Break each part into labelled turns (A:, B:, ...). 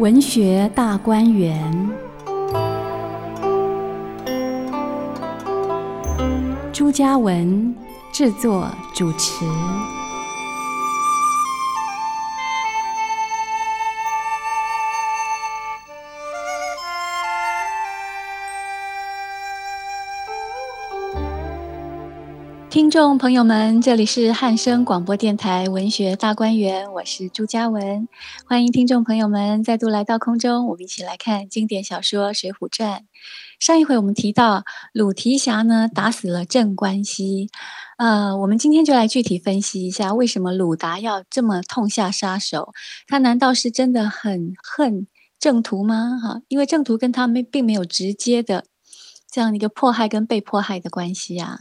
A: 文學大觀園，朱家文製作主持。聽眾朋友們，這裡是漢聲廣播電臺文學大觀園，我是朱家文，歡迎聽眾朋友們再度來到空中，我們一起來看經典小說《水滸傳》。上一回我們提到魯提轄呢打死了鎮關西，呃，我們今天就來具體分析一下，為什麼魯達要這麼痛下殺手？他難道是真的很恨鄭屠嗎？哈、啊，因為鄭屠跟他沒並沒有直接的。這樣的一個迫害跟被迫害的關係啊，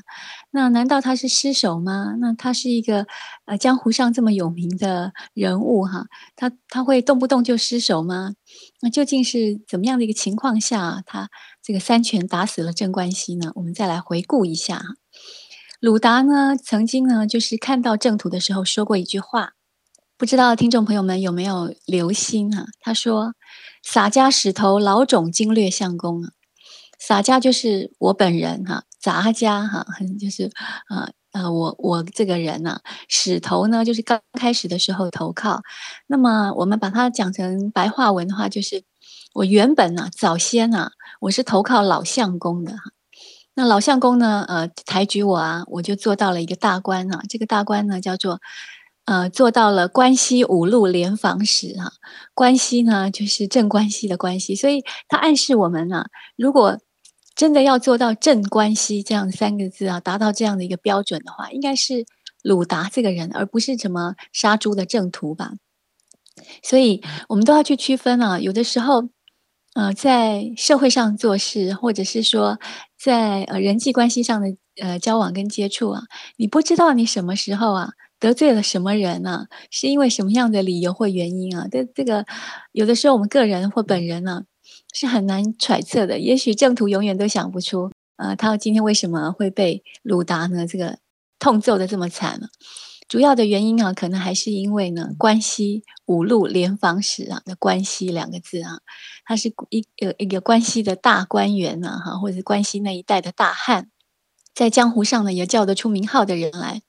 A: 那難道他是失手嗎？那他是一個，呃，江湖上這麼有名的人物哈、啊，他他會動不動就失手嗎？那究竟是怎麼樣的一個情況下、啊，他這個三拳打死了鎮關西呢？我們再來回顧一下。魯達呢，曾經呢，就是看到鄭屠的時候說過一句話，不知道聽眾朋友們有沒有留心哈、啊？他說：“灑家始投老種經略相公啊。”灑家就是我本人哈、啊，雜家哈、啊，就是啊啊、呃呃，我我這個人呢、啊，始投呢，就是剛開始的時候投靠。那麼我們把它講成白話文的話，就是我原本呢、啊，早先呢、啊，我是投靠老相公的哈。那老相公呢，呃，抬舉我啊，我就做到了一個大官啊，這個大官呢，叫做呃，做到了關西五路廉訪使啊，關西呢，就是鎮關西的關西，所以他暗示我們呢、啊，如果真的要做到鎮關西，這樣三個字啊，達到這樣的一個標準的話，應該是魯達這個人，而不是什麼殺豬的鄭屠吧。所以，我們都要去區分啊。有的時候，呃，在社會上做事，或者是說在呃人際關係上的呃交往跟接觸啊，你不知道你什麼時候啊得罪了什麼人呢、啊？是因為什麼樣的理由或原因啊？這這個有的時候我們個人或本人呢、啊？是很難揣測的，也許鄭屠永遠都想不出，呃，他今天為什麼會被魯達呢？這個痛揍得這麼慘呢、啊？主要的原因啊，可能還是因為呢，關西五路廉訪使啊，那關西兩個字啊，他是一個一個關西的大官員呢，哈，或者是關西那一帶的大漢，在江湖上呢也叫得出名號的人來，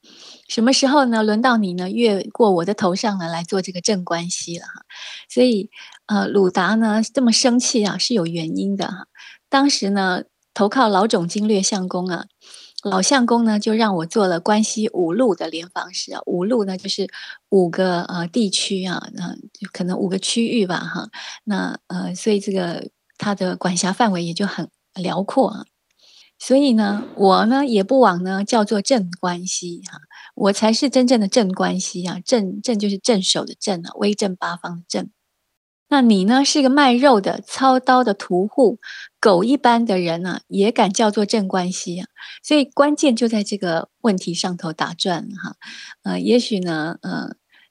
A: 什麼時候呢，輪到你呢，越過我的頭上呢，來做這個鎮關西了哈，所以。呃，魯達呢這麼生氣啊，是有原因的哈、啊。當時呢，投靠老種經略相公啊，老相公呢就讓我做了關西五路的廉訪使啊。五路呢就是五個呃地區啊，那、呃、可能五個區域吧哈、啊。那呃，所以這個他的管轄範圍也就很遼闊啊。所以呢，我呢也不枉呢叫做鎮關西哈、啊，我才是真正的鎮關西啊。鎮，鎮就是鎮守的鎮啊，威震八方的鎮。那你呢，是個賣肉的、操刀的屠戶，狗一般的人呢、啊，也敢叫做鎮關西啊。所以關鍵就在這個問題上頭打轉哈、啊。呃，也許呢，呃，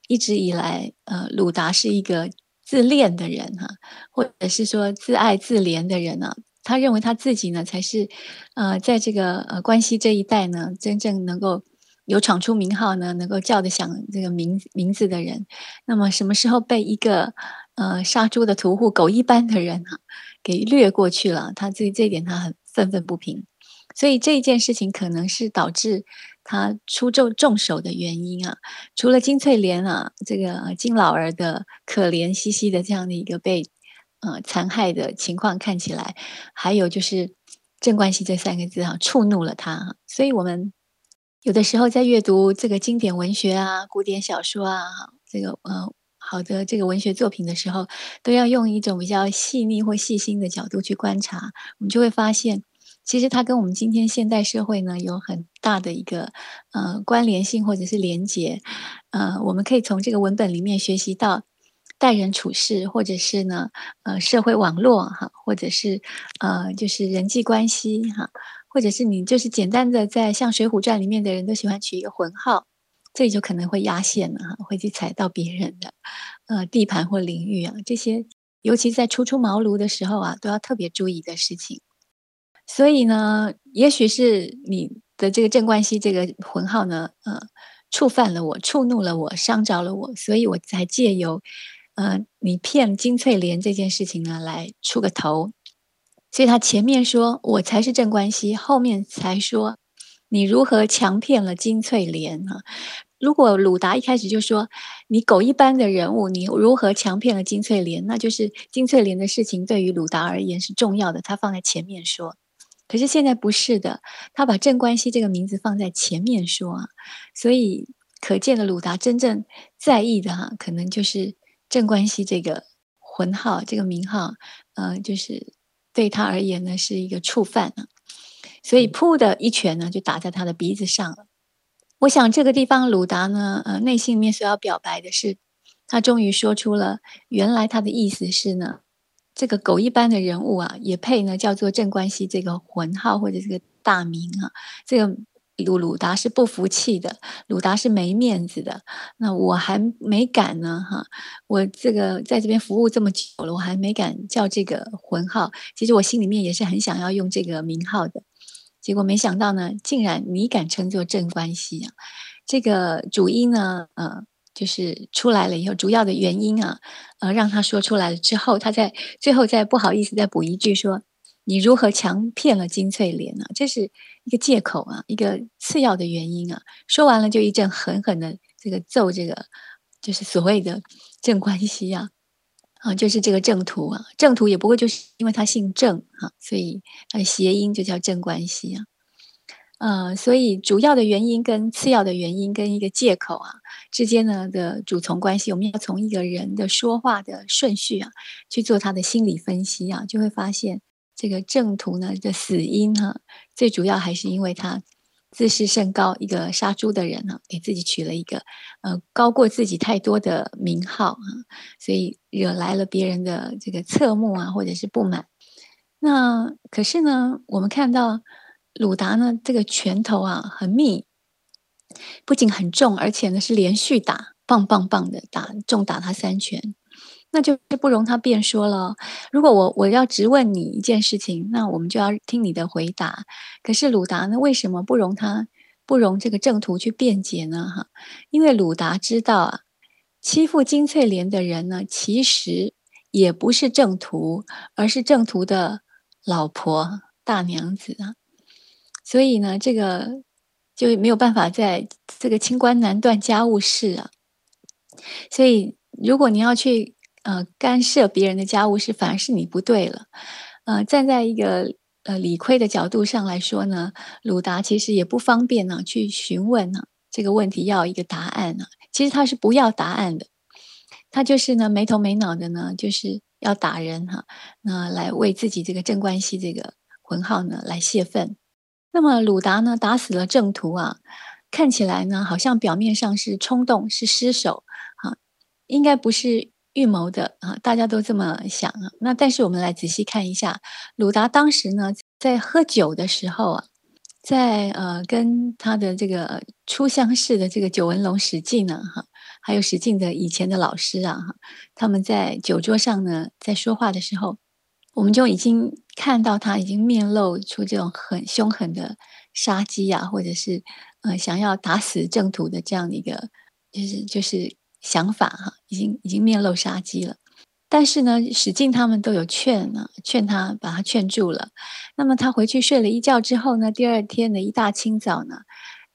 A: 一直以來，呃，魯達是一個自戀的人哈、啊，或者是說自愛自憐的人呢、啊？他認為他自己呢才是，呃，在這個呃關西這一帶呢，真正能夠有闖出名號呢，能夠叫得響這個名名字的人。那麼什麼時候被一個？呃，殺豬的屠戶，狗一般的人啊，給掠過去了。他這這點，他很憤憤不平。所以這一件事情可能是導致他出重重手的原因啊。除了金翠蓮啊，這個金老兒的可憐兮兮的這樣的一個被呃殘害的情況看起來，還有就是“鎮關西”這三個字啊，觸怒了他。所以我們有的時候在閱讀這個經典文學啊、古典小說啊，這個呃。好的，這個文學作品的時候，都要用一種比較細膩或細心的角度去觀察，我們就會發現，其實它跟我們今天現代社會呢有很大的一個呃關聯性或者是連結，呃，我們可以從這個文本裡面學習到待人處事，或者是呢呃社會網絡哈，或者是呃就是人際關係哈，或者是你就是簡單的在像《水滸傳》裡面的人都喜歡取一個諢號。所以就可能會壓線了哈，會去踩到別人的呃地盤或領域啊，這些尤其在初出茅廬的時候啊，都要特別注意的事情。所以呢，也許是你的這個鎮關西這個渾號呢，嗯、呃，觸犯了我，觸怒了我，傷着了我，所以我才借由、呃、你騙金翠蓮這件事情呢來出個頭。所以他前面說我才是鎮關西，後面才說你如何強騙了金翠蓮啊。如果魯達一開始就說你狗一般的人物，你如何強騙了金翠蓮？那就是金翠蓮的事情對於魯達而言是重要的，他放在前面說。可是現在不是的，他把鎮關西這個名字放在前面說，啊，所以可見的魯達真正在意的哈、啊，可能就是鎮關西這個諢號，這個名號，呃，就是對他而言呢是一個觸犯啊，所以噗的一拳呢就打在他的鼻子上了。我想這個地方，魯達呢，呃，內心裡面所要表白的是，他終於說出了，原來他的意思是呢，這個狗一般的人物啊，也配呢叫做鎮關西這個諢號，或者這個大名啊，這個魯魯達是不服氣的，魯達是沒面子的。那我還沒敢呢，哈、啊，我這個在這邊服務這麼久了，我還沒敢叫這個諢號。其實我心裡面也是很想要用這個名號的。結果沒想到呢，竟然你敢稱作鎮關西啊？這個主因呢，呃，就是出來了以後，主要的原因啊，呃，讓他說出來了之後，他再最後再不好意思再補一句說，你如何強騙了金翠蓮呢？這是一個借口啊，一個次要的原因啊。說完了就一陣狠狠的這個揍這個，就是所謂的鎮關西啊。啊，就是這個鄭屠啊，鄭屠也不過就是因為他姓鄭哈、啊，所以呃諧音就叫鎮關西啊，呃、啊，所以主要的原因跟次要的原因跟一個借口啊之間呢的主從關係，我們要從一個人的說話的順序啊去做他的心理分析啊，就會發現這個鄭屠呢的死因哈、啊，最主要還是因為他。自視甚高，一個殺豬的人啊，給自己取了一個，呃，高過自己太多的名號啊，所以惹來了別人的這個側目啊，或者是不滿。那可是呢，我們看到魯達呢，這個拳頭啊很密，不僅很重，而且呢是連續打，棒棒棒的打，重打他三拳。那就是不容他辯說了哦。如果我我要直問你一件事情，那我們就要聽你的回答。可是魯達呢，為什麼不容他、不容這個鄭屠去辯解呢？哈，因為魯達知道啊，欺負金翠蓮的人呢，其實也不是鄭屠，而是鄭屠的老婆大娘子啊。所以呢，這個就沒有辦法在這個清官難斷家務事啊。所以如果你要去。呃，干涉別人的家務事，反而是你不對了。呃，站在一個呃理虧的角度上來說呢，魯達其實也不方便呢、啊、去詢問呢、啊、這個問題要一個答案呢、啊。其實他是不要答案的，他就是呢沒頭沒腦的呢，就是要打人哈、啊，那來為自己這個鎮關西這個渾號呢來洩憤。那麼魯達呢打死了鄭屠啊，看起來呢好像表面上是衝動是失手啊，應該不是。預謀的啊，大家都這麼想啊。那但是我們來仔細看一下，魯達當時呢，在喝酒的時候啊，在呃跟他的這個初相識的這個九紋龍史進呢，哈，還有史進的以前的老師啊，他們在酒桌上呢，在說話的時候，我們就已經看到他已經面露出這種很凶狠的殺機呀、啊，或者是呃想要打死鄭屠的這樣的一個，就是就是，想法哈，已經已經面露殺機了，但是呢，史進他們都有勸啊，勸他把他勸住了。那麼他回去睡了一覺之後呢，第二天的一大清早呢，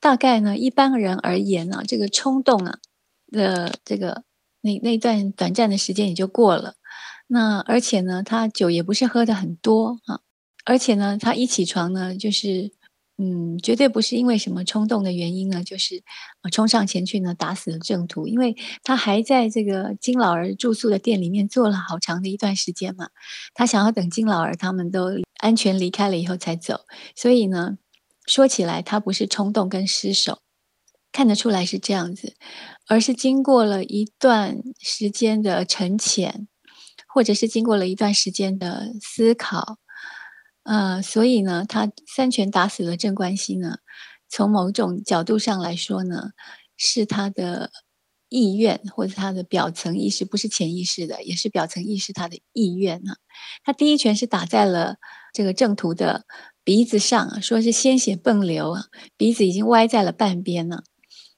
A: 大概呢一般人而言呢，啊，這個衝動啊的，呃、這個那那段短暫的時間也就過了。那而且呢，他酒也不是喝得很多啊，而且呢，他一起床呢就是。嗯，絕對不是因為什麼衝動的原因呢，就是衝上前去呢打死了鄭屠，因為他還在這個金老兒住宿的店裡面坐了好長的一段時間嘛，他想要等金老兒他們都安全離開了以後才走，所以呢，說起來他不是衝動跟失手，看得出來是這樣子，而是經過了一段時間的沉潛，或者是經過了一段時間的思考。呃，所以呢，他三拳打死了鎮關西呢，從某種角度上來說呢，是他的意願或者他的表層意識，不是潛意識的，也是表層意識他的意願呢、啊。他第一拳是打在了這個鄭屠的鼻子上，說是鮮血迸流啊，鼻子已經歪在了半邊了、啊，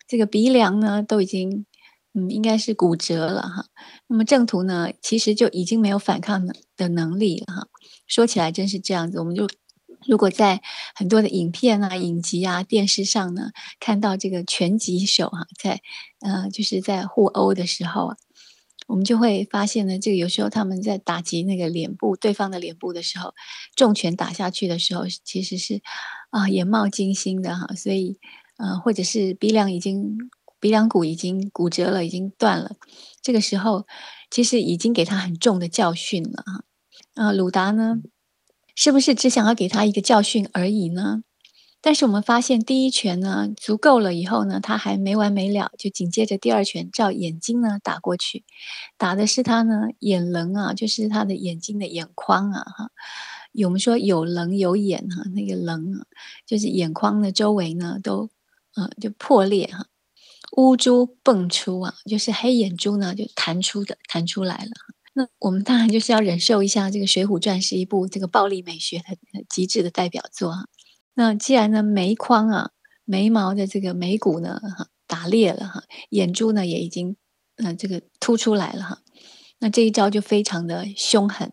A: 這個鼻梁呢都已經嗯應該是骨折了哈。那麼鄭屠呢，其實就已經沒有反抗的能力了哈。說起來真是這樣子，我們就如果在很多的影片啊、影集啊、電視上呢，看到這個拳擊手哈、啊，在呃，就是在互毆的時候啊，我們就會發現呢，這個有時候他們在打擊那個臉部對方的臉部的時候，重拳打下去的時候，其實是、呃、也驚心啊，眼冒金星的哈，所以呃，或者是鼻梁已經鼻梁骨已經骨折了，已經斷了，這個時候其實已經給他很重的教訓了哈、啊。啊，魯達呢，是不是只想要給他一個教訓而已呢？但是我們發現，第一拳呢足夠了以後呢，他還沒完沒了，就緊接着第二拳照眼睛呢打過去，打的是他呢眼稜啊，就是他的眼睛的眼眶啊，哈，有我們說有稜有眼哈，那個稜啊，就是眼眶的周圍呢都，嗯、呃、就破裂哈，烏珠迸出啊，就是黑眼珠呢就彈出的，彈出來了。那我們當然就是要忍受一下，這個《水滸傳》是一部這個暴力美學的極致的代表作啊。那既然呢眉框啊眉毛的這個眉骨呢哈打裂了哈，眼珠呢也已經那、呃、這個突出來了哈。那這一招就非常的凶狠，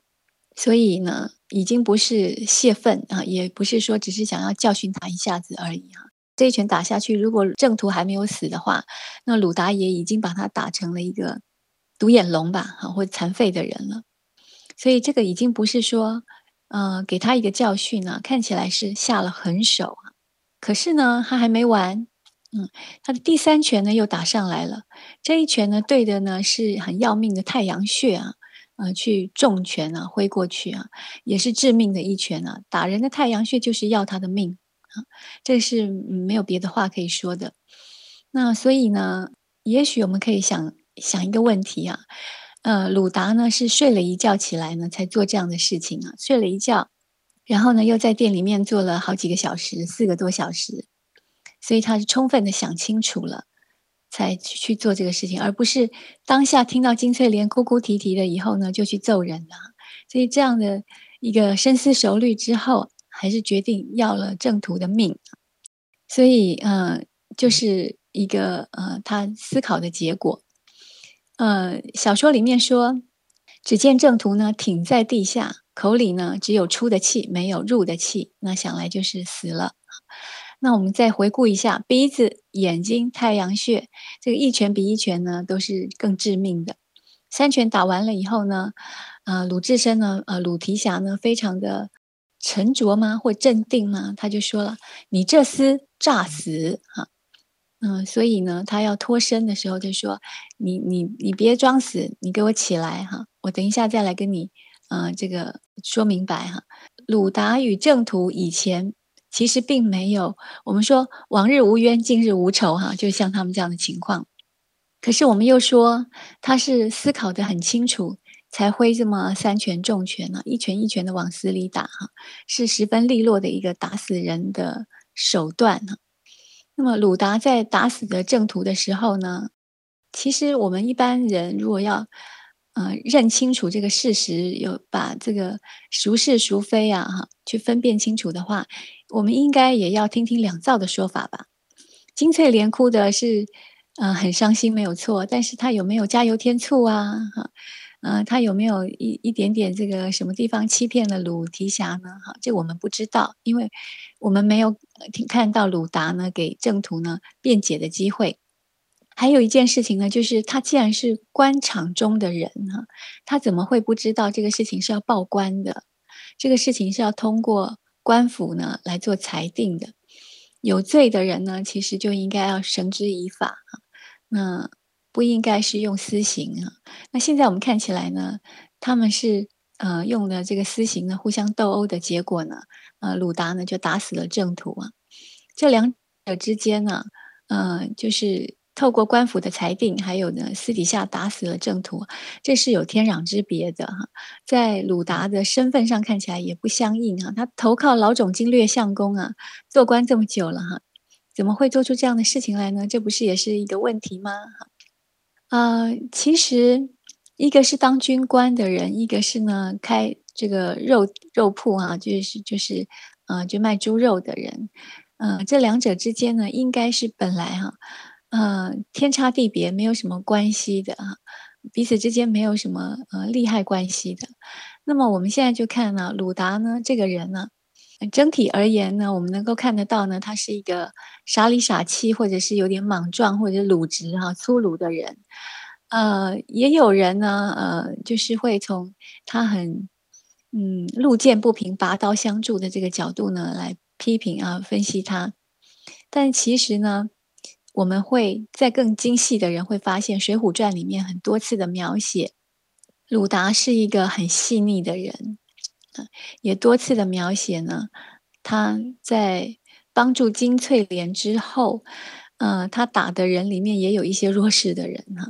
A: 所以呢已經不是泄憤啊，也不是說只是想要教訓他一下子而已哈。這一拳打下去，如果鄭屠還沒有死的話，那魯達也已經把他打成了一個。獨眼龍吧，哈，或殘廢的人了，所以這個已經不是說，呃，給他一個教訓呢。看起來是下了狠手，可是呢，他還沒完，嗯，他的第三拳呢又打上來了。這一拳呢，對的呢是很要命的太陽穴啊，啊、呃，去重拳啊揮過去啊，也是致命的一拳啊。打人的太陽穴就是要他的命啊，這是沒有別的話可以說的。那所以呢，也許我們可以想。想一個問題啊，呃，魯達呢是睡了一覺起來呢，才做這樣的事情啊。睡了一覺，然後呢又在店裡面坐了好幾個小時，四個多小時，所以他是充分的想清楚了，才去去做這個事情，而不是當下聽到金翠蓮哭哭啼啼的以後呢就去揍人了。所以這樣的一個深思熟慮之後，還是決定要了鄭屠的命。所以，嗯、呃，就是一個呃，他思考的結果。呃，小說裡面說，只見鄭屠呢挺在地下，口裡呢只有出的氣，沒有入的氣，那想來就是死了。那我們再回顧一下鼻子、眼睛、太陽穴，這個一拳比一拳呢都是更致命的。三拳打完了以後呢，呃，魯智深呢，呃，魯提轄呢，非常的沉着嗎？或鎮定嗎？他就說了：“你這廝詐死！”啊。嗯，所以呢，他要脫身的時候就說：“你你你別裝死，你給我起來哈、啊！我等一下再來跟你，嗯、呃，這個說明白哈。啊”魯達與鄭屠以前其實並沒有，我們說往日無冤，近日無仇哈、啊,就像他們這樣的情況。可是我們又說他是思考的很清楚，才會這麼三拳重拳呢，一拳一拳的往死裡打哈，是十分利落的一個打死人的手段呢。那麼魯達在打死的鄭屠的時候呢，其實我們一般人如果要，呃，認清楚這個事實，有把這個孰是孰非啊哈，去分辨清楚的話，我們應該也要聽聽兩造的說法吧。金翠蓮哭的是，呃，很傷心沒有錯，但是他有沒有加油添醋啊？哈、呃，他有沒有一一點點這個什麼地方欺騙了魯提轄呢？哈，這我們不知道，因為。我們沒有聽看到魯達呢給鄭屠呢辯解的機會。還有一件事情呢，就是他既然是官場中的人哈，他怎麼會不知道這個事情是要報官的？這個事情是要通過官府呢來做裁定的。有罪的人呢，其實就應該要繩之以法，那不應該是用私刑啊。那現在我們看起來呢，他們是呃用的這個私刑呢，互相鬥毆的結果呢？啊，魯、呃、達呢就打死了鄭屠啊，這兩者之間呢、啊，呃，就是透過官府的裁定，還有呢私底下打死了鄭屠，這是有天壤之別的哈。在魯達的身份上看起來也不相應哈、啊，他投靠老種經略相公啊，做官這麼久了哈、啊，怎麼會做出這樣的事情來呢？這不是也是一個問題嗎？呃，其實一個是當軍官的人，一個是呢開。這個肉肉鋪啊，就是就是，呃，就賣豬肉的人，呃，這兩者之間呢，應該是本來哈，呃，天差地別，沒有什麼關係的啊，彼此之間沒有什麼呃利害關係的。那麼我們現在就看呢，魯達呢這個人呢，整體而言呢，我們能夠看得到呢，他是一個傻裡傻氣，或者是有點莽撞，或者魯直哈，粗魯的人。呃，也有人呢，呃，就是會從他很。嗯，路見不平，拔刀相助的這個角度呢，來批評啊，分析他。但其實呢，我們會在更精細的人會發現，《水滸傳》裡面很多次的描寫，魯達是一個很細膩的人。也多次的描寫呢，他在幫助金翠蓮之後，呃，他打的人裡面也有一些弱勢的人呢、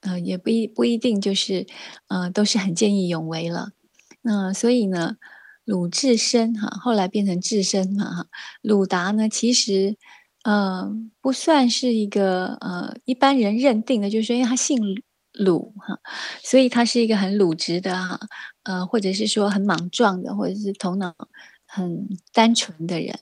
A: 啊。呃，也不一不一定就是，呃，都是很見義勇為了。嗯、呃，所以呢，魯智深哈，後來變成智深嘛哈。魯、啊、達呢，其實呃，不算是一個呃一般人認定的，就是說，因為他姓魯哈、啊，所以他是一個很魯直的哈、啊，呃，或者是說很莽撞的，或者是頭腦很單純的人。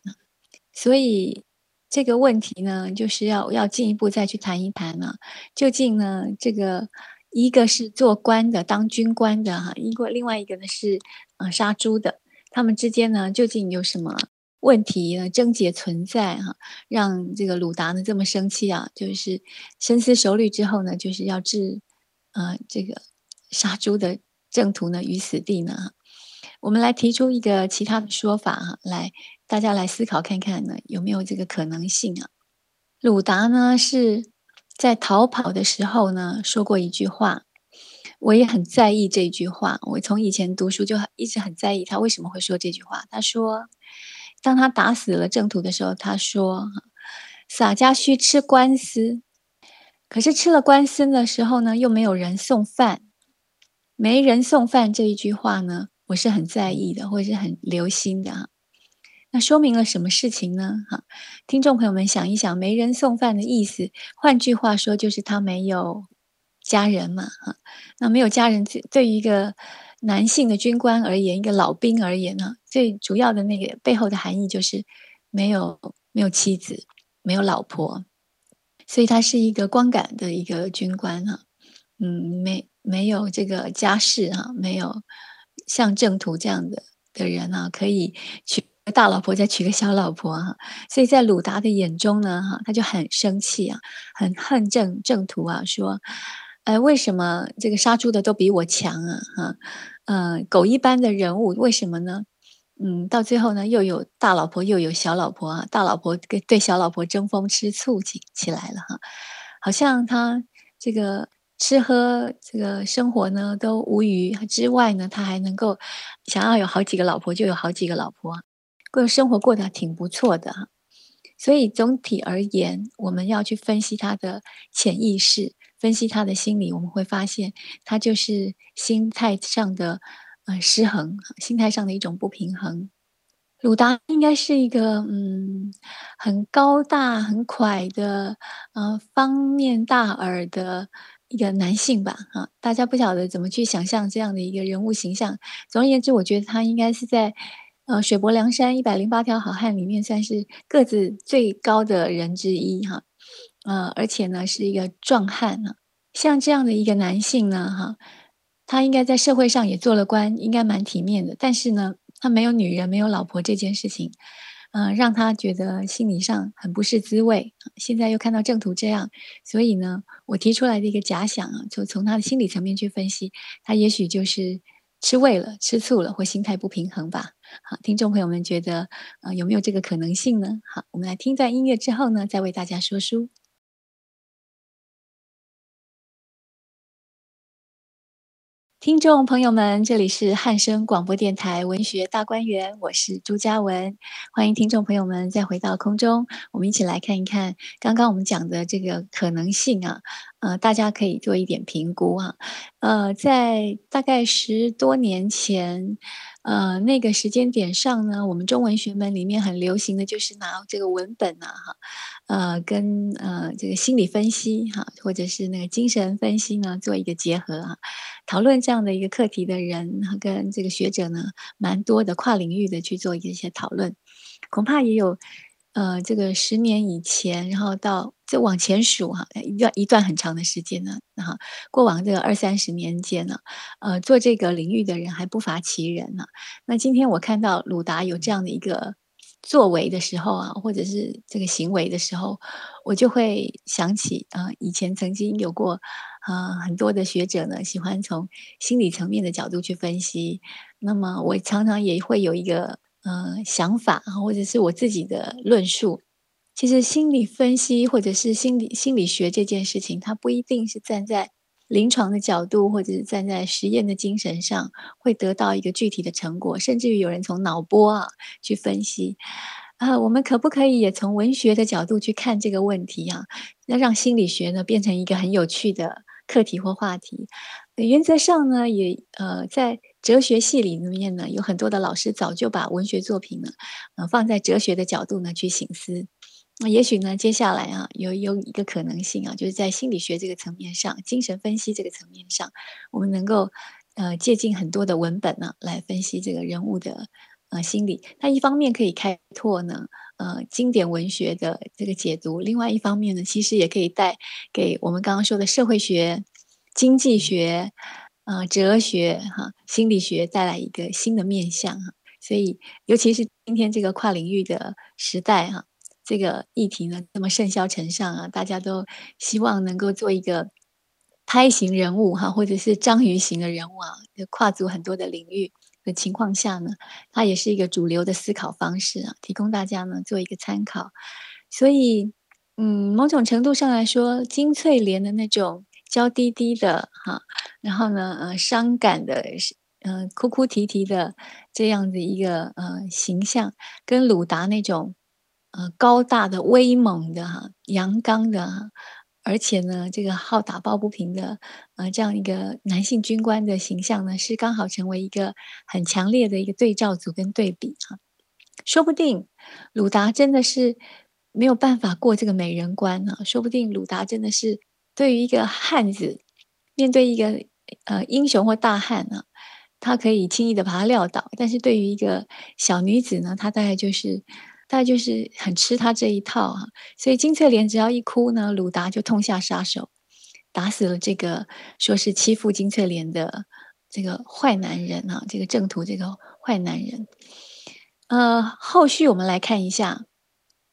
A: 所以這個問題呢，就是要要進一步再去談一談了、啊。究竟呢，這個。一個是做官的，當軍官的哈；一個另外一個呢是，呃，殺豬的。他們之間呢，究竟有什麼問題呢？症結存在哈，讓這個魯達呢這麼生氣啊？就是深思熟慮之後呢，就是要置，呃，這個殺豬的鄭屠呢於死地呢。我們來提出一個其他的說法哈，來大家來思考看看呢，有沒有這個可能性啊？魯達呢是。在逃跑的時候呢，說過一句話，我也很在意這句話。我從以前讀書就很一直很在意他為什麼會說這句話。他說，當他打死了鄭屠的時候，他說，灑家須吃官司，可是吃了官司的時候呢，又沒有人送飯。沒人送飯這一句話呢，我是很在意的，或者是很留心的。那說明了什麼事情呢？哈，聽眾朋友們想一想，“沒人送飯”的意思，換句話說就是他沒有家人嘛。哈，那沒有家人，對對於一個男性的軍官而言，一個老兵而言呢，最主要的那個背後的含義就是沒有沒有妻子，沒有老婆，所以他是一個光桿的一個軍官。哈，嗯，沒沒有這個家室哈，沒有像鄭屠這樣的的人呢，可以去。大老婆再娶個小老婆哈，所以在魯達的眼中呢，哈，他就很生氣啊，很恨鄭鄭屠啊，說，哎，為什麼這個殺豬的都比我強啊？哈，嗯，狗一般的人物為什麼呢？嗯，到最後呢，又有大老婆又有小老婆啊，大老婆跟對小老婆爭風吃醋起起來了哈，好像他這個吃喝這個生活呢都無虞之外呢，他還能夠想要有好幾個老婆就有好幾個老婆。個生活過得挺不錯的哈，所以總體而言，我們要去分析他的潛意識，分析他的心理，我們會發現他就是心態上的呃失衡，心態上的一種不平衡。魯達應該是一個嗯很高大很魁的呃方面大耳的一個男性吧啊，大家不曉得怎麼去想象這樣的一個人物形象。總而言之，我覺得他應該是在。呃，水泊梁山一百零八條好漢裡面算是個子最高的人之一哈，呃、啊，而且呢是一個壯漢啊。像這樣的一個男性呢，哈、啊，他應該在社會上也做了官，應該蠻體面的。但是呢，他沒有女人，沒有老婆這件事情，嗯、啊，讓他覺得心理上很不是滋味、啊。現在又看到鄭屠這樣，所以呢，我提出來的一個假想啊，就從他的心理層面去分析，他也許就是吃味了、吃醋了，或心態不平衡吧。好，聽眾朋友們覺得，呃，有沒有這個可能性呢？好，我們來聽段音樂之後呢，再為大家說書。聽眾朋友們，這裡是漢聲廣播電臺文學大觀園，我是朱佳文，歡迎聽眾朋友們再回到空中，我們一起來看一看剛剛我們講的這個可能性啊，呃，大家可以做一點評估啊，呃，在大概十多年前，呃，那個時間點上呢，我們中文學門裡面很流行的就是拿這個文本啊，哈。呃，跟呃這個心理分析哈、啊，或者是那個精神分析呢，做一個結合啊，討論這樣的一個課題的人，跟這個學者呢，蠻多的，跨領域的去做一些討論，恐怕也有呃，這個十年以前，然後到再往前數哈，一、啊、段一段很長的時間呢，哈、啊，過往這個二三十年間呢，呃，做這個領域的人還不乏其人呢、啊。那今天我看到魯達有這樣的一個。作為的時候啊，或者是這個行為的時候，我就會想起，啊、呃，以前曾經有過，呃，很多的學者呢喜歡從心理層面的角度去分析。那麼，我常常也會有一個，呃，想法，或者是我自己的論述。其實，心理分析或者是心理心理學這件事情，它不一定是站在。臨床的角度，或者是站在實驗的精神上，會得到一個具體的成果。甚至於有人從腦波啊去分析，啊，我們可不可以也從文學的角度去看這個問題啊？那讓心理學呢變成一個很有趣的課題或話題。原則上呢，也呃，在哲學系裡面呢，有很多的老師早就把文學作品呢，嗯、呃，放在哲學的角度呢去省思。那也許呢，接下來啊，有有一個可能性啊，就是在心理學這個層面上、精神分析這個層面上，我們能夠呃借鑑很多的文本呢、啊，來分析這個人物的呃心理。它一方面可以開拓呢呃經典文學的這個解讀，另外一方面呢，其實也可以帶給我們剛剛說的社會學、經濟學、呃哲學哈、啊、心理學帶來一個新的面向哈。所以，尤其是今天這個跨領域的時代哈、啊。這個議題呢，那麼甚囂塵上啊，大家都希望能夠做一個拍型人物哈、啊，或者是章魚型的人物啊，跨足很多的領域的情況下呢，它也是一個主流的思考方式啊，提供大家呢做一個參考。所以，嗯，某種程度上來說，金翠蓮的那種嬌滴滴的哈、啊，然後呢，嗯、呃、傷感的，嗯、呃，哭哭啼啼，啼的這樣的一個嗯、呃、形象，跟魯達那種。呃，高大的、威猛的哈、啊，陽剛的哈、啊，而且呢，這個好打抱不平的，呃，這樣一個男性軍官的形象呢，是剛好成為一個很強烈的一個對照組跟對比哈、啊。說不定魯達真的是沒有辦法過這個美人關呢、啊。說不定魯達真的是對於一個漢子，面對一個呃英雄或大漢呢、啊，他可以輕易的把他撂倒，但是對於一個小女子呢，他大概就是。他就是很吃他這一套哈、啊，所以金翠蓮只要一哭呢，魯達就痛下殺手，打死了這個說是欺負金翠蓮的這個壞男人啊。這個鄭屠這個壞男人。呃，後續我們來看一下，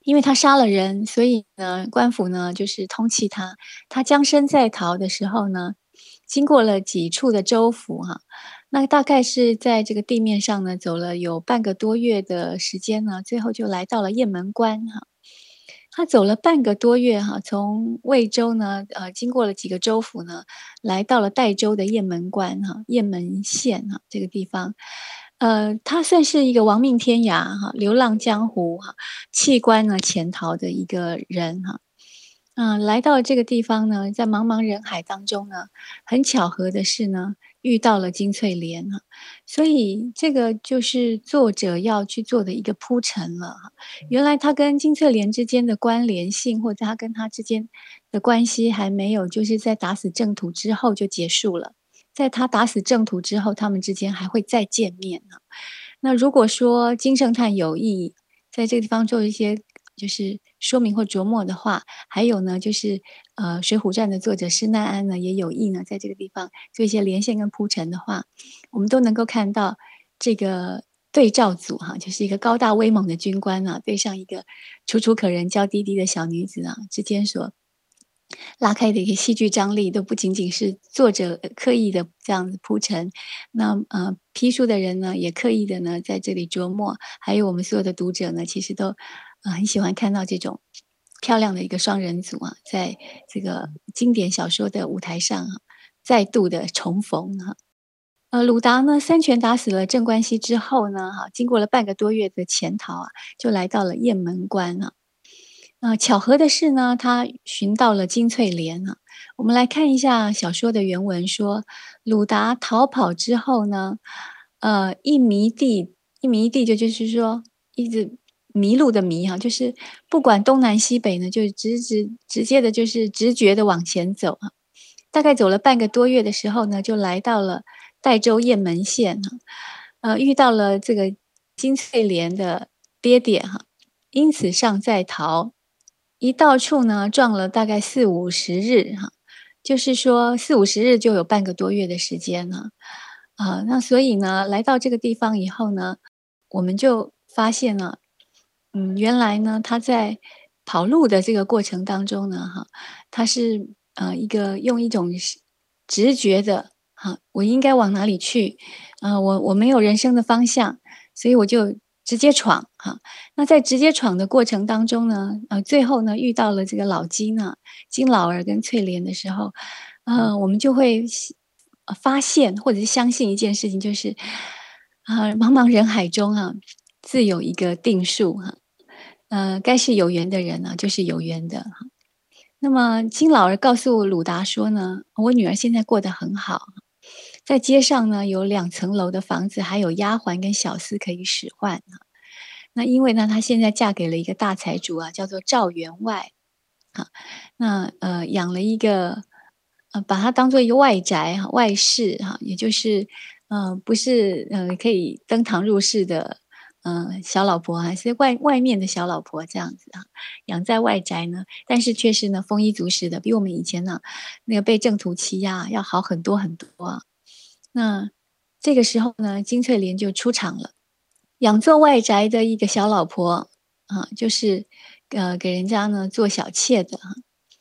A: 因為他殺了人，所以呢，官府呢就是通緝他。他將身在逃的時候呢，經過了幾處的州府哈、啊。那大概是在這個地面上呢，走了有半個多月的時間呢，最後就來到了雁門關哈、啊。他走了半個多月哈、啊，從渭州呢，呃、啊，經過了幾個州府呢，來到了代州的雁門關哈、雁、啊、門縣哈、啊、這個地方。呃，他算是一個亡命天涯哈、啊、流浪江湖哈、棄、啊、官呢潛逃的一個人哈。嗯、啊啊，來到這個地方呢，在茫茫人海當中呢，很巧合的是呢。遇到了金翠蓮，所以這個就是作者要去做的一個鋪陳了。原來他跟金翠蓮之間的關聯性，或者他跟他之間的關係還沒有，就是在打死鄭屠之後就結束了。在他打死鄭屠之後，他們之間還會再見面。那如果說金聖嘆有意在這個地方做一些。就是說明或琢磨的話，還有呢，就是呃，《水滸傳》的作者施耐庵呢，也有意呢，在這個地方做一些連線跟鋪陳的話，我們都能夠看到這個對照組哈、啊，就是一個高大威猛的軍官啊，對上一個楚楚可人、嬌滴滴的小女子啊之間所拉開的一個戲劇張力，都不僅僅是作者刻意的這樣子鋪陳，那呃批書的人呢，也刻意的呢在這裡琢磨，還有我們所有的讀者呢，其實都。啊，很喜歡看到這種漂亮的一個雙人組啊，在這個經典小說的舞台上啊，再度的重逢哈、啊。呃，魯達呢，三拳打死了鎮關西之後呢，哈、啊，經過了半個多月的潛逃啊，就來到了雁門關啊啊，巧合的是呢，他尋到了金翠蓮啊。我們來看一下小說的原文說，說魯達逃跑之後呢，呃，一迷地一迷地，一地就就是說一直，迷路的迷哈、啊，就是不管東南西北呢，就直直直接的，就是直覺的往前走哈、啊。大概走了半個多月的時候呢，就來到了代州雁門縣哈、啊，呃，遇到了這個金翠蓮的爹爹哈，因此上在逃，一到處呢撞了大概四五十日哈、啊，就是說四五十日就有半個多月的時間了啊、呃。那所以呢，來到這個地方以後呢，我們就發現了。嗯，原來呢，他在跑路的這個過程當中呢，哈，他是呃一個用一種直覺的，哈、啊，我應該往哪裡去？啊、呃，我我沒有人生的方向，所以我就直接闖，哈、啊。那在直接闖的過程當中呢，呃，最後呢遇到了這個老金啊，金老兒跟翠蓮的時候，呃，我們就會發現或者是相信一件事情，就是啊，茫茫人海中啊，自有一個定數，哈、啊。嗯、呃，該是有緣的人呢、啊，就是有緣的哈。那麼金老兒告訴魯達說呢，我女兒現在過得很好，在街上呢有兩層樓的房子，還有丫鬟，跟小厮可以使喚。那因為呢，她現在嫁給了一個大財主啊，叫做趙員外。好、啊，那呃養了一個，呃把它當做一個外宅哈，外室哈、啊，也就是嗯、呃、不是嗯、呃、可以登堂入室的。嗯，小老婆啊，是外外面的小老婆這樣子啊，養在外宅呢，但是卻是呢，豐衣足食的，比我們以前呢，那個被鄭屠欺壓要好很多很多啊。那這個時候呢，金翠蓮就出場了，養做外宅的一個小老婆啊，就是，呃，給人家呢做小妾的，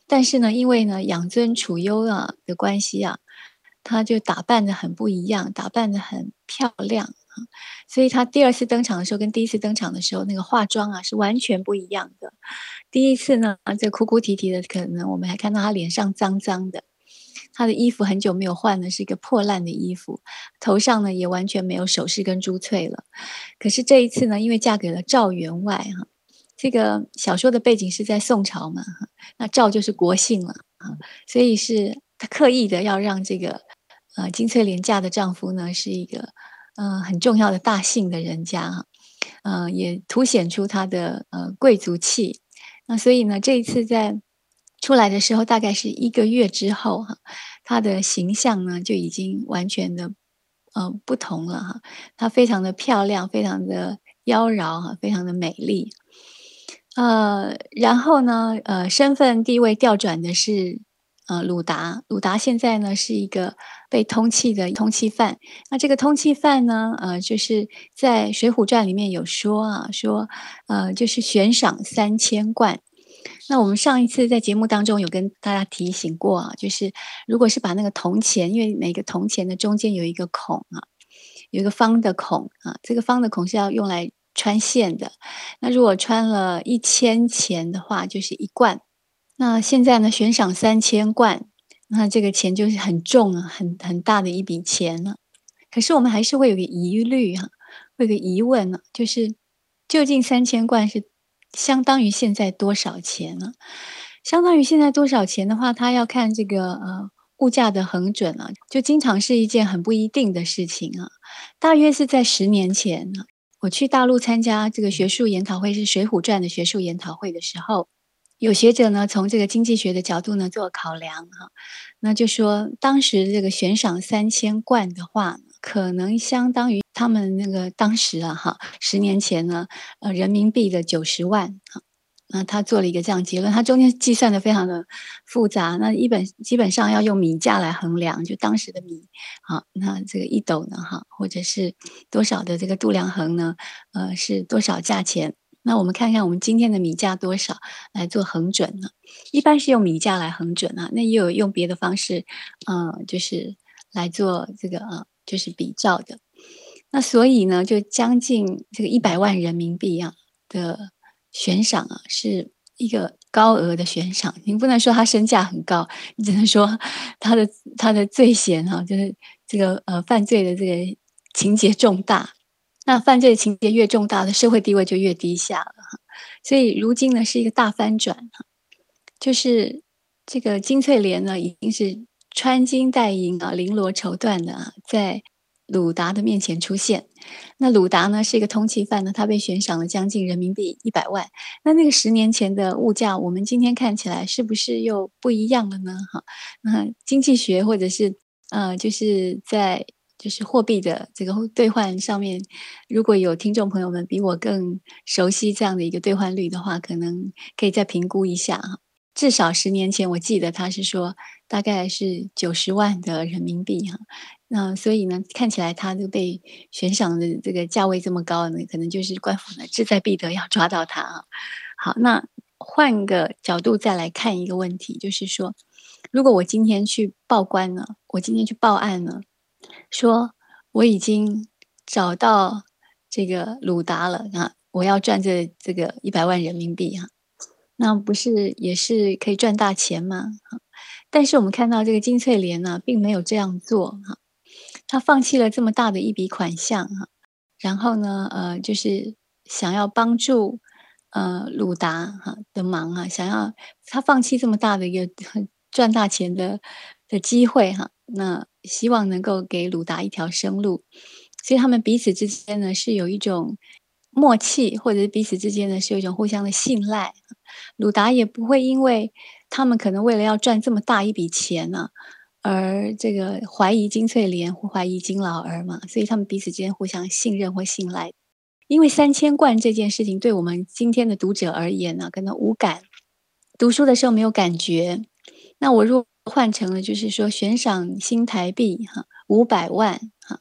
A: 但是呢，因為呢養尊處優啊的關係啊，她就打扮得很不一樣，打扮得很漂亮。所以她第二次登場的時候，跟第一次登場的時候，那個化妝啊是完全不一樣的。第一次呢，在哭哭啼啼的，可能我們還看到她臉上髒髒的，她的衣服很久沒有換的是一個破爛的衣服，頭上呢也完全沒有首飾跟珠翠了。可是這一次呢，因為嫁給了趙員外哈，這個小說的背景是在宋朝嘛，那趙就是國姓了啊，所以是她刻意的要讓這個呃金翠蓮嫁的丈夫呢是一個。嗯、呃，很重要的大姓的人家哈，嗯、呃，也凸顯出他的呃貴族氣，那所以呢，這一次在出來的時候，大概是一個月之後哈，他的形象呢就已經完全的呃不同了哈，她非常的漂亮，非常的妖嬈哈，非常的美麗，呃，然後呢，呃，身份地位調轉的是。呃，魯達，魯達現在呢是一個被通緝的通緝犯。那這個通緝犯呢，呃，就是在《水滸傳》裡面有說啊，說，呃，就是懸賞三千貫。那我們上一次在節目當中有跟大家提醒過啊，就是如果是把那個銅錢，因為每個銅錢的中間有一個孔啊，有一個方的孔啊，這個方的孔是要用來穿線的。那如果穿了一千錢的話，就是一貫。那現在呢？懸賞三千貫，那這個錢就是很重了，啊，很很大的一筆錢了，啊。可是我們還是會有個疑慮啊，會有個疑問呢，啊，就是究竟三千貫是相當於現在多少錢呢，啊？相當於現在多少錢的話，它要看這個呃物價的恆準啊，就經常是一件很不一定的事情啊。大約是在十年前，我去大陸參加這個學術研討會，是《水滸傳》的學術研討會的時候。有學者呢，從這個經濟學的角度呢做考量哈，那就說當時這個懸賞三千貫的話，可能相當於他們那個當時啊哈，十年前呢呃人民幣的九十萬哈。那他做了一個這樣結論，他中間計算的非常的複雜，那一本基本上要用米價來衡量，就當時的米啊，那這個一斗呢哈，或者是多少的這個度量衡呢，呃是多少價錢？那我們看看我們今天的米價多少來做衡準呢？一般是用米價來衡準啊。那也有用別的方式，嗯、呃，就是來做這個啊，就是比照的。那所以呢，就將近這個一百萬人民幣啊的懸賞啊，是一個高額的懸賞。你不能說他身價很高，你只能說他的他的罪嫌哈、啊，就是這個呃犯罪的這個情節重大。那犯罪情節越重大了，的社會地位就越低下了。所以如今呢，是一個大翻轉哈，就是這個金翠蓮呢，已經是穿金戴銀啊，綾羅綢緞的啊，在魯達的面前出現。那魯達呢，是一個通緝犯呢，他被懸賞了將近人民幣一百萬。那那個十年前的物價，我們今天看起來是不是又不一樣了呢？哈，啊，那經濟學或者是呃，就是在。就是貨幣的這個兌換上面，如果有聽眾朋友們比我更熟悉這樣的一個兌換率的話，可能可以再評估一下哈。至少十年前，我記得他是說大概是九十萬的人民幣哈。那所以呢，看起來他被懸賞的這個價位這麼高呢，可能就是官方的志在必得要抓到他啊。好，那換個角度再來看一個問題，就是說，如果我今天去報官呢，我今天去報案呢？說我已經找到這個魯達了啊！我要賺這這個一百萬人民幣哈，那不是也是可以賺大錢嗎？但是我們看到這個金翠蓮呢，啊，並沒有這樣做哈，他放棄了這麼大的一筆款項哈，然後呢，呃，就是想要幫助呃魯達哈的忙啊，想要他放棄這麼大的一個賺大錢的的機會哈。那希望能夠給魯達一條生路，所以他們彼此之間呢是有一種默契，或者是彼此之間呢是有一種互相的信賴。魯達也不會因為他們可能為了要賺這麼大一筆錢呢、啊，而這個懷疑金翠蓮或懷疑金老兒嘛，所以他們彼此之間互相信任或信賴。因為三千貫這件事情，對我們今天的讀者而言呢、啊，可能無感，讀書的時候沒有感覺。那我若。換成了就是說懸賞新台幣哈五百萬哈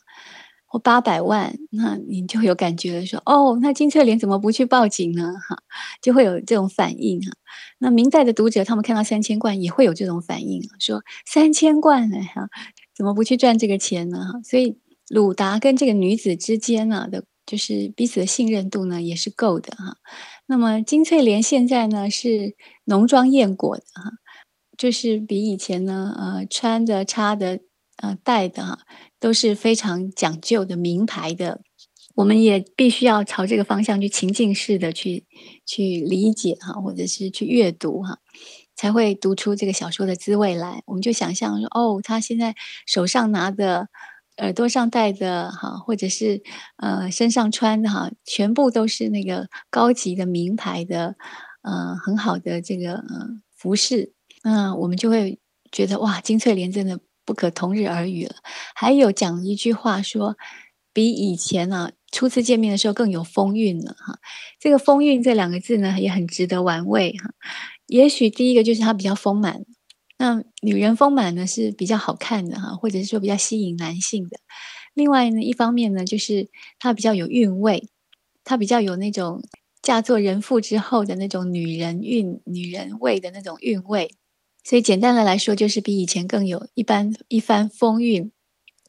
A: 或八百萬，那你就有感覺了，說哦，那金翠蓮怎麼不去報警呢？哈，就會有這種反應哈。那明代的讀者他們看到三千貫也會有這種反應啊，說三千貫呢？哈，怎麼不去賺這個錢呢？哈，所以魯達跟這個女子之間呢的，就是彼此的信任度呢也是夠的哈。那麼金翠蓮現在呢是濃妝豔裹的哈。就是比以前呢，呃，穿的、插的、呃，戴的哈，都是非常講究的名牌的。我們也必須要朝這個方向去情境式的去去理解哈，或者是去閱讀哈，才會讀出這個小說的滋味來。我們就想象說，哦，他現在手上拿的、耳朵上戴的哈，或者是呃，身上穿的哈，全部都是那個高級的名牌的，呃，很好的這個呃服飾。嗯，我們就會覺得哇，金翠蓮真的不可同日而語了。還有講一句話說，比以前呢、啊，初次見面的時候更有風韻了哈。這個“風韻”這兩個字呢，也很值得玩味哈。也許第一個就是她比較豐滿，那女人豐滿呢是比較好看的哈，或者是說比較吸引男性的。另外呢，一方面呢，就是她比較有韻味，她比較有那種嫁做人婦之後的那種女人韻、女人味的那種韻味。所以簡單的來說，就是比以前更有一般、一番風韻，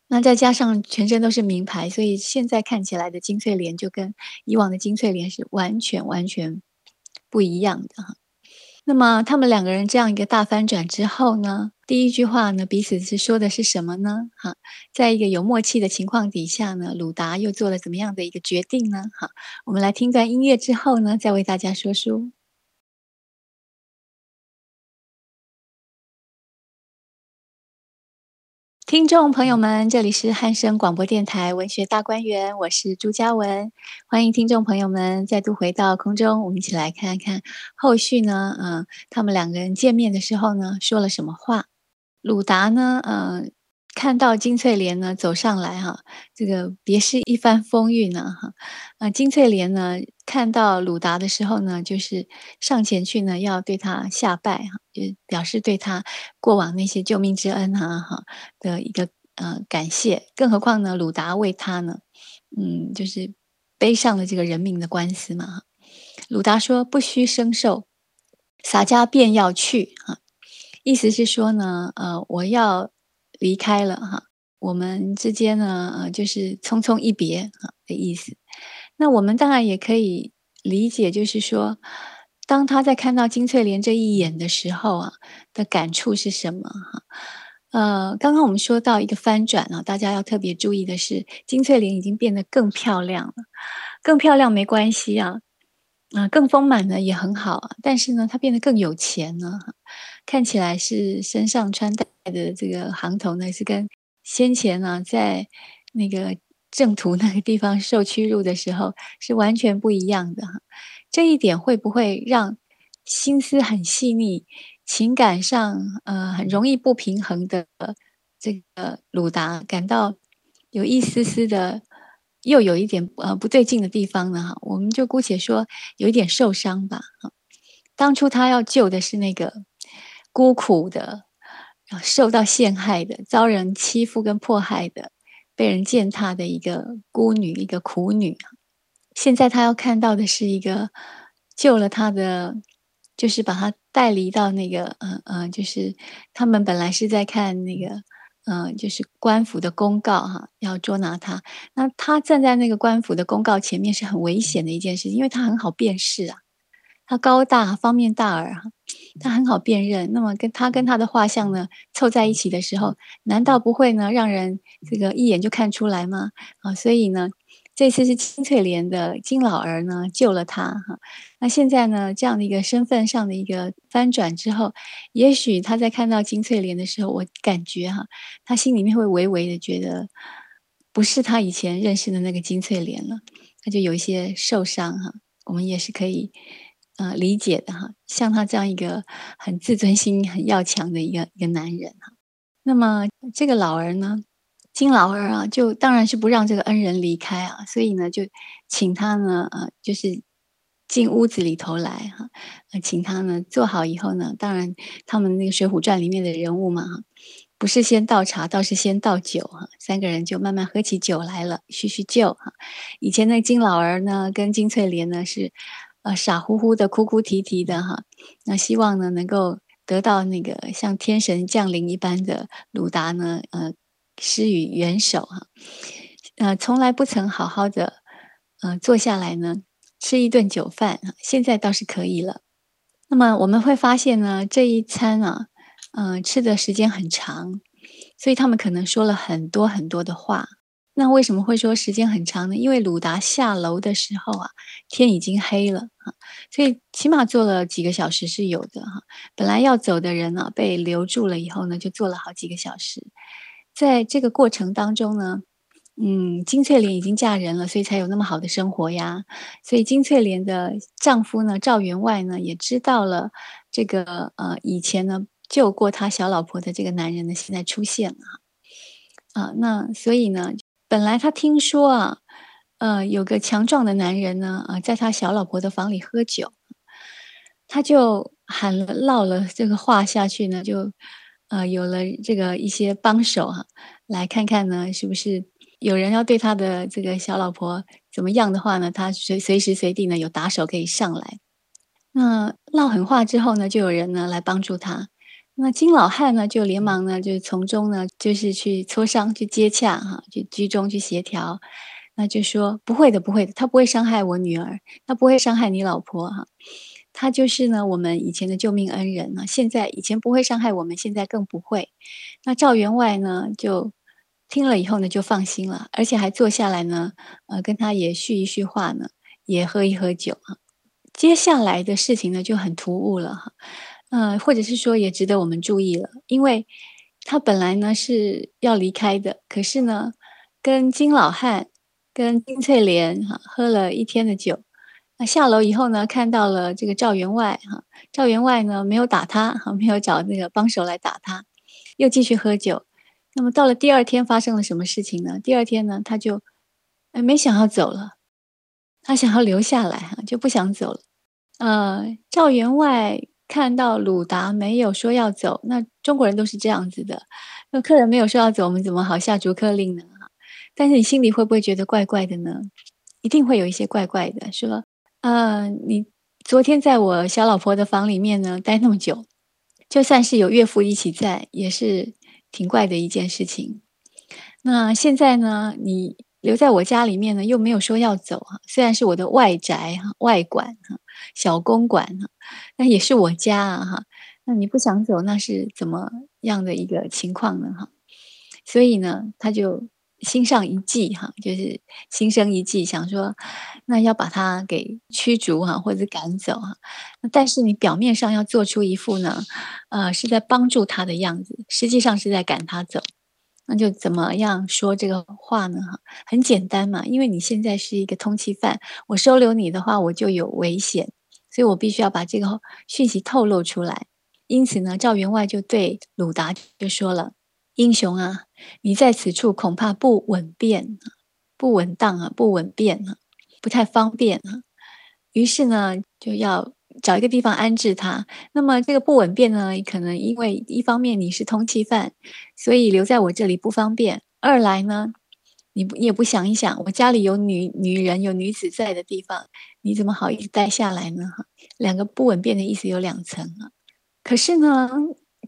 A: 那再加上全身都是名牌，所以現在看起來的金翠蓮就跟以往的金翠蓮是完全完全不一樣的哈。那麼他們兩個人這樣一個大翻轉之後呢，第一句話呢彼此是說的是什麼呢？哈，在一個有默契的情況底下呢，魯達又做了怎麼樣的一個決定呢？哈，我們來聽段音樂之後呢，再為大家說書。聽眾朋友們，這裡是漢聲廣播電台文學大觀園，我是朱佳文，歡迎聽眾朋友們再度回到空中，我們一起來看一看後續呢。嗯、呃，他們兩個人見面的時候呢，說了什麼話？魯達呢？嗯、呃。看到金翠蓮呢走上來哈、啊，這個別是一番風韻呢哈。啊，金翠蓮呢看到魯達的時候呢，就是上前去呢要對他下拜哈，也表示對他過往那些救命之恩啊哈的一個呃感謝。更何況呢，魯達為他呢，嗯，就是背上了這個人命的官司嘛。魯達說：“不須生受，灑家便要去。”哈，意思是說呢，呃，我要。離開了哈，我們之間呢，呃，就是匆匆一別哈的意思。那我們當然也可以理解，就是說，當他在看到金翠蓮這一眼的時候啊，的感觸是什麼哈？呃，剛剛我們說到一個翻轉啊，大家要特別注意的是，金翠蓮已經變得更漂亮了，更漂亮沒關係啊，啊，更豐滿呢也很好啊。但是呢，她變得更有錢了啊。看起來是身上穿戴的這個行頭呢，是跟先前呢、啊、在那個鄭屠那個地方受屈辱的時候是完全不一樣的哈。這一點會不會讓心思很細膩、情感上呃很容易不平衡的這個魯達感到有一絲絲的又有一點呃不對勁的地方呢？哈，我們就姑且說有一點受傷吧。哈，當初他要救的是那個。孤苦的，然後受到陷害的，遭人欺負跟迫害的，被人踐踏的一個孤女，一個苦女、啊。現在他要看到的是一個救了他的，就是把他帶離到那個，嗯、呃、嗯、呃，就是他們本來是在看那個，嗯、呃，就是官府的公告哈、啊，要捉拿他。那他站在那個官府的公告前面是很危險的一件事情，因為他很好辨識啊，他高大，方面大耳啊。他很好辨認，那麼跟他跟他的畫像呢，湊在一起的時候，難道不會呢，讓人這個一眼就看出來嗎？啊，所以呢，這次是金翠蓮的金老兒呢，救了他哈、啊。那現在呢，這樣的一個身份上的一個翻轉之後，也許他在看到金翠蓮的時候，我感覺哈、啊，他心裡面會微微的覺得不是他以前認識的那個金翠蓮了，他就有一些受傷哈、啊。我們也是可以。啊，理解的哈，像他這樣一個很自尊心很要強的一個一個男人。那麼這個老兒呢，金老兒啊，就當然是不讓這個恩人離開啊，所以呢，就請他呢，啊，就是進屋子裡頭來哈，請他呢坐好以後呢，當然他們那個《水滸傳》裡面的人物嘛哈，不是先倒茶，倒是先倒酒哈，三個人就慢慢喝起酒來了，敘敘舊哈。以前那金老兒呢，跟金翠蓮呢是。呃，傻乎乎的，哭哭啼啼的哈、啊，那希望呢能夠得到那個像天神降臨一般的魯達呢，呃，施予援手哈、啊，呃，從來不曾好好的，呃坐下來呢吃一頓酒飯、啊、現在倒是可以了。那麼我們會發現呢，這一餐啊，嗯、呃，吃的時間很長，所以他們可能說了很多很多的話。那為什麼會說時間很長呢？因為魯達下樓的時候啊，天已經黑了啊，所以起碼坐了幾個小時是有的哈。本來要走的人呢，啊，被留住了以後呢，就坐了好幾個小時。在這個過程當中呢，嗯，金翠蓮已經嫁人了，所以才有那麼好的生活呀。所以金翠蓮的丈夫呢，趙員外呢，也知道了這個呃，以前呢救過他小老婆的這個男人呢，現在出現了啊。啊，那所以呢？本來他聽說啊，呃，有個強壯的男人呢，啊、呃，在他小老婆的房裡喝酒，他就喊了，嘮了這個話下去呢，就，呃，有了這個一些幫手哈、啊，來看看呢，是不是有人要對他的這個小老婆怎麼樣的話呢，他隨隨時隨地呢有打手可以上來。那、呃、嘮狠話之後呢，就有人呢來幫助他。那金老漢呢，就連忙呢，就從中呢，就是去磋商，去接洽哈、啊，去居中去協調。那就說不會的，不會的，他不會傷害我女兒，他不會傷害你老婆哈、啊。他就是呢，我們以前的救命恩人呢，啊，現在以前不會傷害我們，現在更不會。那趙員外呢，就聽了以後呢，就放心了，而且還坐下來呢，呃，跟他也敘一敘話呢，也喝一喝酒，啊。接下來的事情呢，就很突兀了哈、啊。嗯、呃，或者是說也值得我們注意了，因為他本來呢是要離開的，可是呢，跟金老漢、跟金翠蓮哈、啊、喝了一天的酒，那、啊、下樓以後呢，看到了這個趙員外哈、啊，趙員外呢沒有打他，哈、啊、沒有找那個幫手來打他，又繼續喝酒。那麼到了第二天發生了什麼事情呢？第二天呢，他就、哎、沒想要走了，他想要留下來哈、啊，就不想走了。呃、啊，趙員外。看到魯達沒有說要走，那中國人都是這樣子的。那客人沒有說要走，我們怎麼好下逐客令呢？但是你心裡會不會覺得怪怪的呢？一定會有一些怪怪的，說，呃，你昨天在我小老婆的房裡面呢待那麼久，就算是有岳父一起在，也是挺怪的一件事情。那現在呢，你留在我家裡面呢，又沒有說要走啊，雖然是我的外宅哈、外館哈、小公館哈，那也是我家啊哈。那你不想走，那是怎麼樣的一個情況呢哈？所以呢，他就心上一計哈，就是心生一計，想說那要把他給驅逐哈、啊，或者趕走哈、啊。但是你表面上要做出一副呢，呃，是在幫助他的樣子，實際上是在趕他走。那就怎麼樣說這個話呢？哈，很簡單嘛，因為你現在是一個通緝犯，我收留你的話，我就有危險，所以我必須要把這個訊息透露出來。因此呢，趙員外就對魯達就說了：“英雄啊，你在此處恐怕不穩便，不穩當啊，不穩便啊，不太方便啊。”於是呢，就要。找一個地方安置他，那麼這個不穩便呢？可能因為一方面你是通緝犯，所以留在我這裡不方便；二來呢，你不你也不想一想，我家裡有女女人有女子在的地方，你怎麼好意思帶下來呢？兩個不穩便的意思有兩層啊。可是呢，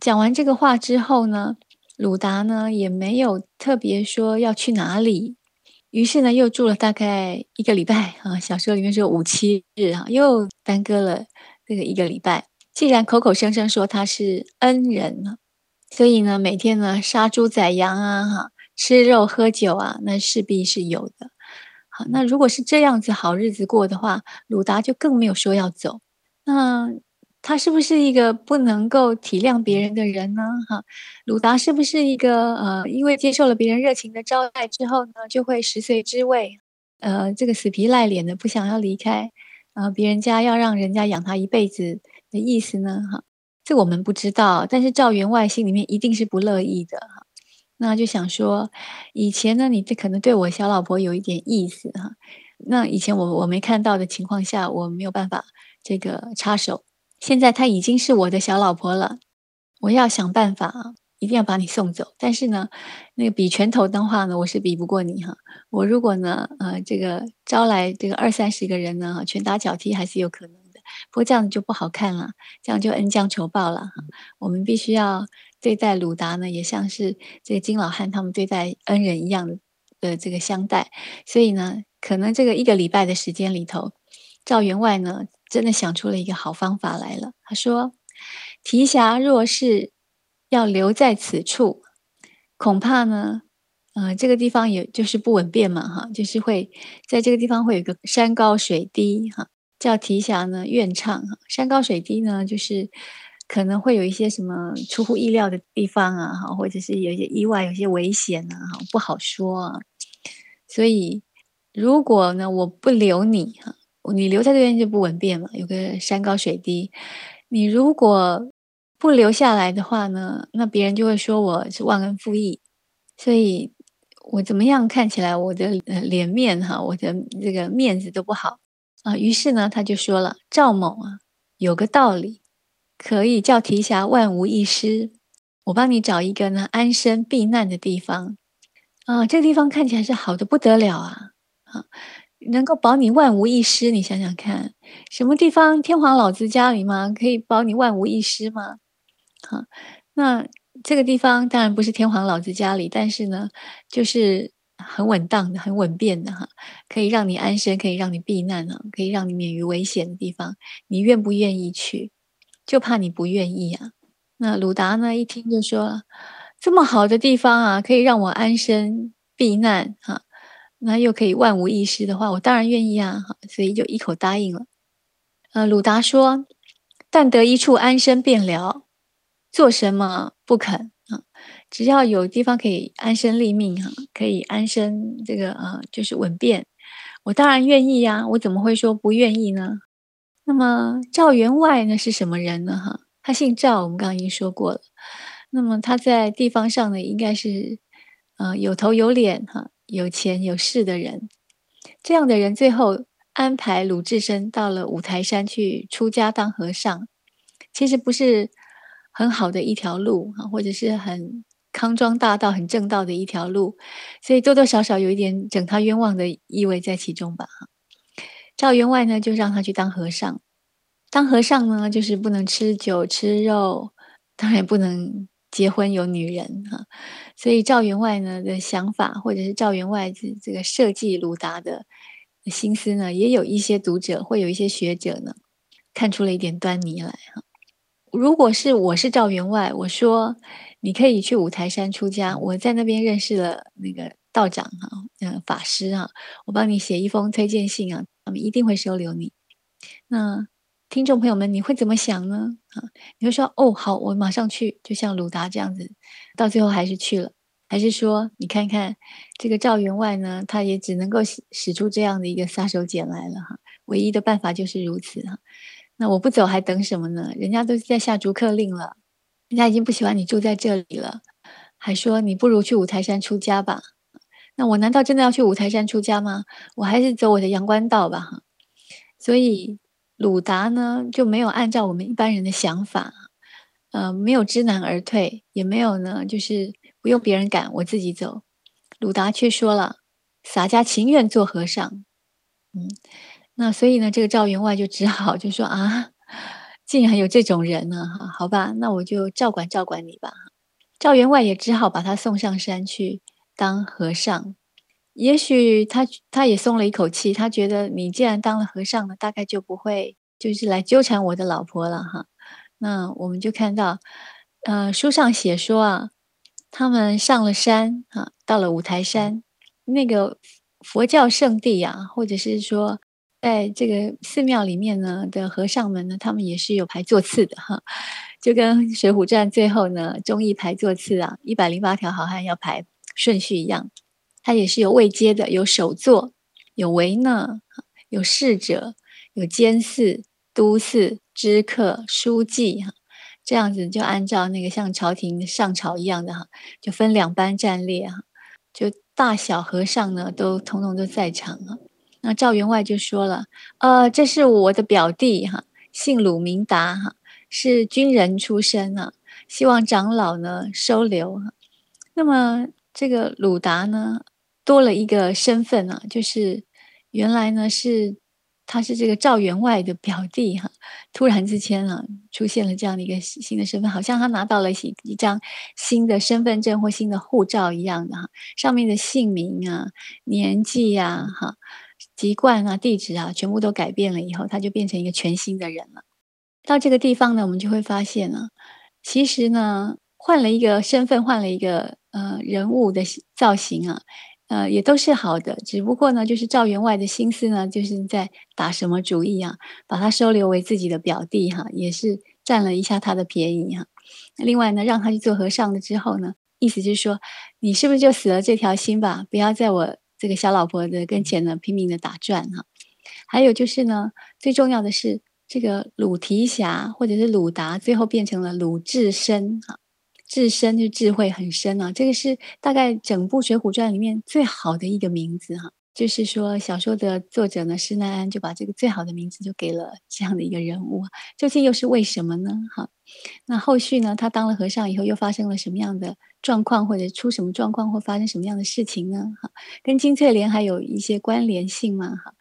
A: 講完這個話之後呢，魯達呢也沒有特別說要去哪裡。於是呢，又住了大概一個禮拜啊。小說裡面說五七日啊，又耽擱了這個一個禮拜。既然口口聲聲說他是恩人，所以呢，每天呢殺豬宰羊啊，哈、啊，吃肉喝酒啊，那勢必是有的。好，那如果是這樣子好日子過的話，魯達就更沒有說要走。那。他是不是一個不能夠體諒別人的人呢？哈，魯達是不是一個呃，因為接受了別人熱情的招待之後呢，就會食髓知味，呃，這個死皮賴臉的不想要離開，呃，別人家要讓人家養他一輩子的意思呢？哈，這我們不知道，但是趙員外心裡面一定是不樂意的哈。那就想說，以前呢，你這可能對我小老婆有一點意思哈。那以前我我沒看到的情況下，我沒有辦法這個插手。現在他已經是我的小老婆了，我要想辦法，啊，一定要把你送走。但是呢，那個比拳頭的話呢，我是比不過你哈。我如果呢，呃，這個招來這個二三十個人呢，拳打腳踢還是有可能的。不過這樣就不好看了，這樣就恩將仇報了哈。嗯。我們必須要對待魯達呢，也像是這個金老漢他們對待恩人一樣的，的這個相待。所以呢，可能這個一個禮拜的時間裡頭，趙員外呢。真的想出了一個好方法來了。他說：“提轄若是要留在此處，恐怕呢，呃，這個地方也就是不穩便嘛，哈，就是會在這個地方會有個山高水低，哈，叫提轄呢怨悵，山高水低呢，就是可能會有一些什麼出乎意料的地方啊，哈，或者是有一些意外、有些危險啊，哈，不好說啊。所以，如果呢，我不留你，哈。”你留在這邊就不穩便嘛，有個山高水低。你如果不留下來的話呢，那別人就會說我是忘恩負義，所以我怎麼樣看起來我的臉面哈、啊，我的這個面子都不好啊。於是呢，他就說了：“趙某啊，有個道理可以叫提轄萬無一失，我幫你找一個呢安身避難的地方啊。這個地方看起來是好的不得了啊，啊。”能夠保你萬無一失，你想想看，什麼地方？天皇老子家裡嗎？可以保你萬無一失嗎？哈，那這個地方當然不是天皇老子家裡，但是呢，就是很穩當的、很穩便的哈，可以讓你安身，可以讓你避難啊，可以讓你免於危險的地方，你願不願意去？就怕你不願意啊。那魯達呢，一聽就說了，這麼好的地方啊，可以讓我安身避難哈。那又可以萬無一失的話，我當然願意啊！所以就一口答應了。呃，魯達說：“但得一處安身便了，做什麼不肯啊？只要有地方可以安身立命，哈、啊，可以安身，這個呃、啊，就是穩便。我當然願意呀、啊，我怎麼會說不願意呢？那麼趙員外呢？是什麼人呢？哈、啊，他姓趙，我們剛剛已經說過了。那麼他在地方上呢，應該是呃、啊、有頭有臉，哈、啊。”有錢有勢的人，這樣的人最後安排魯智深到了五台山去出家當和尚，其實不是很好的一條路啊，或者是很康莊大道、很正道的一條路，所以多多少少有一點整他冤枉的意味在其中吧。趙員外呢，就讓他去當和尚，當和尚呢，就是不能吃酒吃肉，當然不能。結婚有女人哈，所以趙員外呢的想法，或者是趙員外這這個設計魯達的心思呢，也有一些讀者會有一些學者呢看出了一點端倪來哈。如果是我是趙員外，我說你可以去五台山出家，我在那邊認識了那個道長哈，呃法師啊，我幫你寫一封推薦信啊，他們一定會收留你。那。聽眾朋友們，你會怎麼想呢？啊，你會說哦，好，我馬上去，就像魯達這樣子，到最後還是去了。還是說，你看看這個趙員外呢，他也只能夠使使出這樣的一個殺手鐧來了哈。唯一的辦法就是如此哈。那我不走還等什麼呢？人家都是在下逐客令了，人家已經不喜歡你住在這裡了，還說你不如去五台山出家吧。那我難道真的要去五台山出家嗎？我還是走我的陽關道吧哈。所以。魯達呢就沒有按照我們一般人的想法，呃，沒有知難而退，也沒有呢，就是不用別人趕我自己走。魯達卻說了：“灑家情願做和尚。”嗯，那所以呢，這個趙員外就只好就說：“啊，竟然有這種人呢，哈，好吧，那我就照管照管你吧。”趙員外也只好把他送上山去當和尚。也許他他也鬆了一口氣，他覺得你既然當了和尚了，大概就不會就是來糾纏我的老婆了哈。那我們就看到，呃，書上寫說啊，他們上了山哈，到了五台山那個佛教聖地啊，或者是說在這個寺廟裡面呢的和尚們呢，他們也是有排座次的哈，就跟《水滸傳》最後呢，忠義排座次啊，一百零八條好漢要排順序一樣。他也是有位階的，有首座，有維那，有侍者，有監寺、都寺、知客、書記哈，這樣子就按照那個像朝廷上朝一樣的哈，就分兩班站列哈，就大小和尚呢都統統都在場了。那趙員外就說了，呃，這是我的表弟哈，姓魯名達哈，是軍人出身啊，希望長老呢收留。那麼這個魯達呢？多了一個身份啊，就是原來呢是他是這個趙員外的表弟哈，突然之間啊出現了這樣的一個新的身份，好像他拿到了一張新的身份證或新的護照一樣的哈，上面的姓名啊、年紀呀、哈、籍貫啊、地址啊，全部都改變了以後，他就變成一個全新的人了。到這個地方呢，我們就會發現啊，其實呢換了一個身份，換了一個呃人物的造型啊。呃，也都是好的，只不過呢，就是趙員外的心思呢，就是在打什麼主意啊，把他收留為自己的表弟哈、啊，也是佔了一下他的便宜哈、啊。另外呢，讓他去做和尚了之後呢，意思就是說，你是不是就死了這條心吧，不要在我這個小老婆的跟前呢拼命的打轉哈、啊。還有就是呢，最重要的是，這個魯提轄或者是魯達，最後變成了魯智深哈、啊。智深就智慧很深啊，這個是大概整部《水滸傳》裡面最好的一個名字哈、啊。就是說，小說的作者呢施耐庵就把這個最好的名字就給了這樣的一個人物，究竟又是為什麼呢？哈，那後續呢，他當了和尚以後又發生了什麼樣的狀況，或者出什麼狀況，或發生什麼樣的事情呢？哈，跟金翠蓮還有一些關聯性嘛？哈。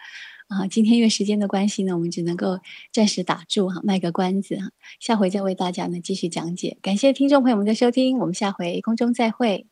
A: 啊，今天因為時間的關係呢，我們只能夠暫時打住哈，賣個關子哈，下回再為大家呢繼續講解。感謝聽眾朋友們的收聽，我們下回空中再會。